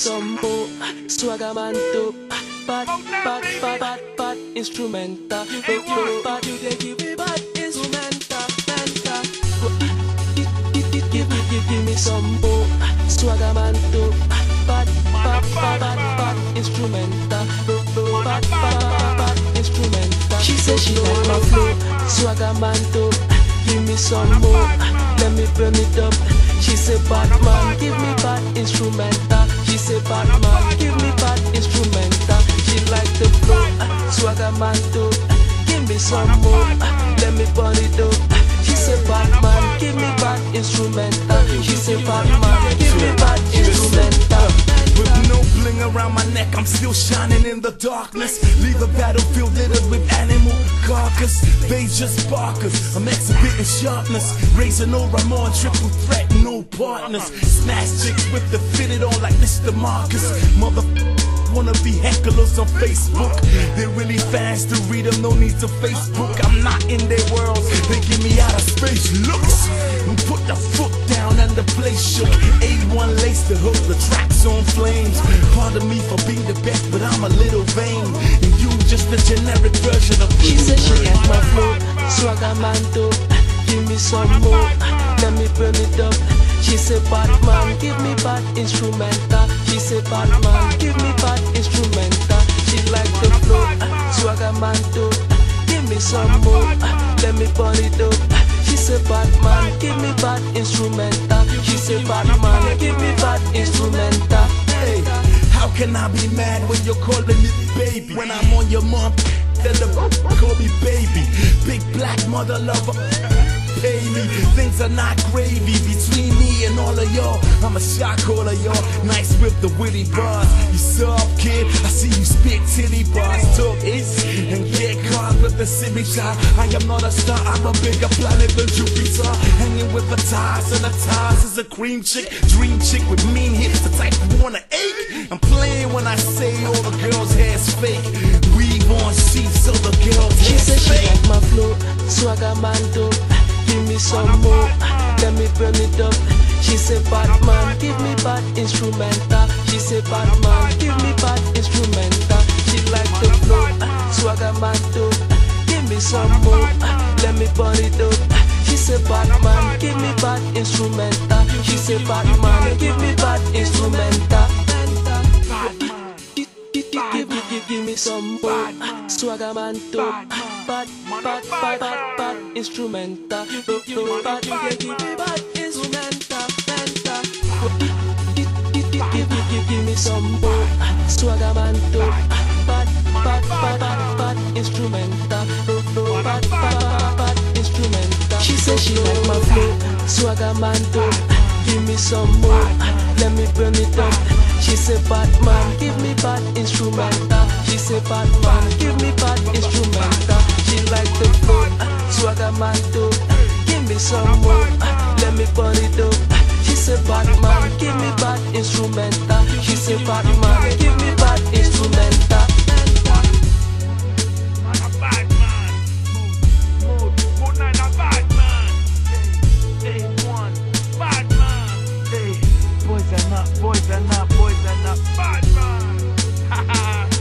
some more swagger man to bad, bad, bad, bad, bad instrumental. Oh, oh, bad, you they give me bad instrumental, mental. Give me, give, give me some more swagger man to bad, bad, bad, bad, bad instrumental. Oh, bad, bad, bad, bad instrumental. She says she like my flow, swagger man to give me some more. Let me burn it up. She said, bad man, give some more. Let me burn it up. She said, bad man, give me bad instrumental. She said, bad man, give me bad instrumental. With no bling around my neck, I'm still shining in the darkness. Leave the battlefield littered with enemies carcass. They just barkers. I'm exhibiting sharpness. Raising no Ramon, triple threat, no partners. smash chicks with the fitted on like Mr. Marcus. Motherfucker wanna be hecklers on Facebook. They're really fast to read them, no need to Facebook. I'm not in their world, they give me out of space looks. And put the foot down and the place shook. A1 lace the hook, the tracks on flames. Pardon me for being the best, but I'm a little vain. And you just the generic version of She said she get my flow, swagger man do. Give me some more, let me burn it up. She said man, give me bad instrumental. She said man, give me bad instrumental. She like the flow, swagger man do. Give me some more, let me burn it up. She said man, give me bad instrumental. She said man, give me bad instrumental. Hey. How can I be mad when you're calling me baby? When I'm on your mom, then the call me baby. Big black mother lover. Pay me. Things are not gravy between me and all of y'all. I'm a shot caller, y'all. Nice with the witty bars. You soft kid? I see you spit titty bars. Talk it's and get caught with the silly shot. I am not a star. I'm a bigger planet than Jupiter. Hanging with the ties and the ties is a cream chick, dream chick with mean hips, the type you wanna ache. I'm playing when I say all the girls' hair's fake. We want seats so the girls' She said she like my flow, swagger man dope. Give me some more, let me burn it up. She said man, give me bad instrumental. She said man, give me bad instrumental. She like the flow, swagger man dope. Give me some more, let me burn it up. She said man, give me bad instrumental. She said man, give me bad instrumental. me some bad swagger man top bad bad bad bad bad instrumental do do bad give me bad instrumental mental give me give give me some bad swagger man top bad bad bad bad bad instrumental do do bad bad bad instrumental she says she like my flow swagger man top me some more. Let me burn it up. She said, man, give me bad instrumental. She said, man, give me bad instrumental. She like the flow, swagger man do. Give me some more. Let me burn it up. She said, man, give me bad instrumental. She said, Batman. up, poison up, poison up, bad man.